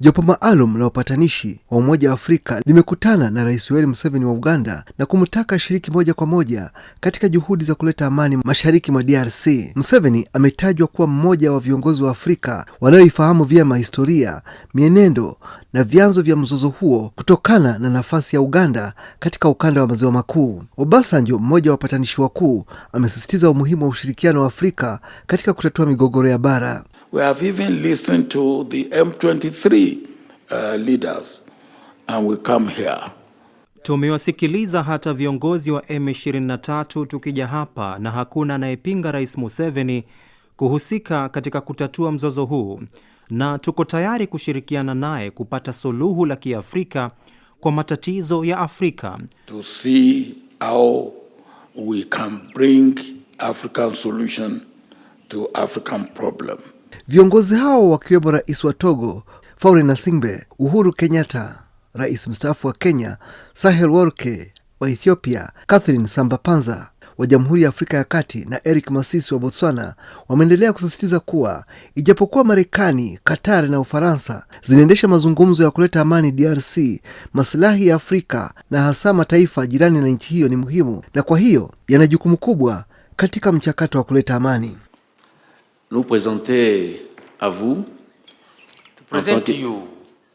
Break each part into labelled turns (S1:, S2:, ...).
S1: Jopo maalum la upatanishi wa Umoja wa Afrika limekutana na Rais Yoweri Museveni wa Uganda na kumtaka shiriki moja kwa moja katika juhudi za kuleta amani mashariki mwa DRC. Museveni ametajwa kuwa mmoja wa viongozi wa Afrika wanaoifahamu vyema historia, mienendo na vyanzo vya mzozo huo kutokana na nafasi ya Uganda katika ukanda wa maziwa makuu. Obasanjo, mmoja wa wapatanishi wakuu, amesisitiza umuhimu wa ushirikiano wa Afrika katika kutatua migogoro ya bara.
S2: We have even listened to the M23 uh, leaders and we come here.
S1: Tumewasikiliza hata viongozi wa M23 tukija hapa na hakuna anayepinga Rais Museveni kuhusika katika kutatua mzozo huu na tuko tayari kushirikiana naye kupata suluhu la Kiafrika kwa matatizo ya Afrika.
S2: To see how we can bring African solution to African problem.
S1: Viongozi hao wakiwemo rais wa Togo Faure Gnassingbe, Uhuru Kenyatta rais mstaafu wa Kenya, Sahel Worke wa Ethiopia, Catherine Samba-Panza wa Jamhuri ya Afrika ya Kati na Eric Masisi wa Botswana wameendelea kusisitiza kuwa ijapokuwa Marekani, katar na Ufaransa zinaendesha mazungumzo ya kuleta amani DRC, masilahi ya Afrika na hasa mataifa jirani na nchi hiyo ni muhimu na kwa hiyo yana jukumu kubwa katika mchakato wa kuleta amani
S3: nous présenter à vous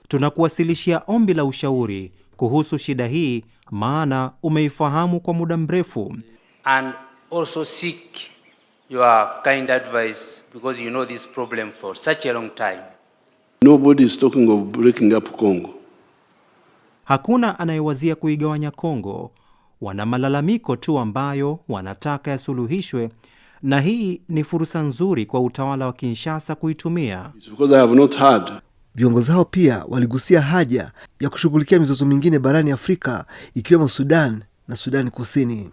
S1: Tunakuwasilishia ombi la ushauri kuhusu shida hii, maana umeifahamu kwa muda mrefu.
S3: And also seek your kind advice because you know this problem for such a long time.
S4: Nobody is talking of breaking up Congo.
S1: Hakuna anayewazia kuigawanya Kongo. Wana malalamiko tu ambayo wanataka yasuluhishwe na hii ni fursa nzuri kwa utawala wa Kinshasa kuitumia. Viongozi hao pia waligusia haja ya kushughulikia mizozo mingine barani Afrika ikiwemo Sudan na Sudani Kusini.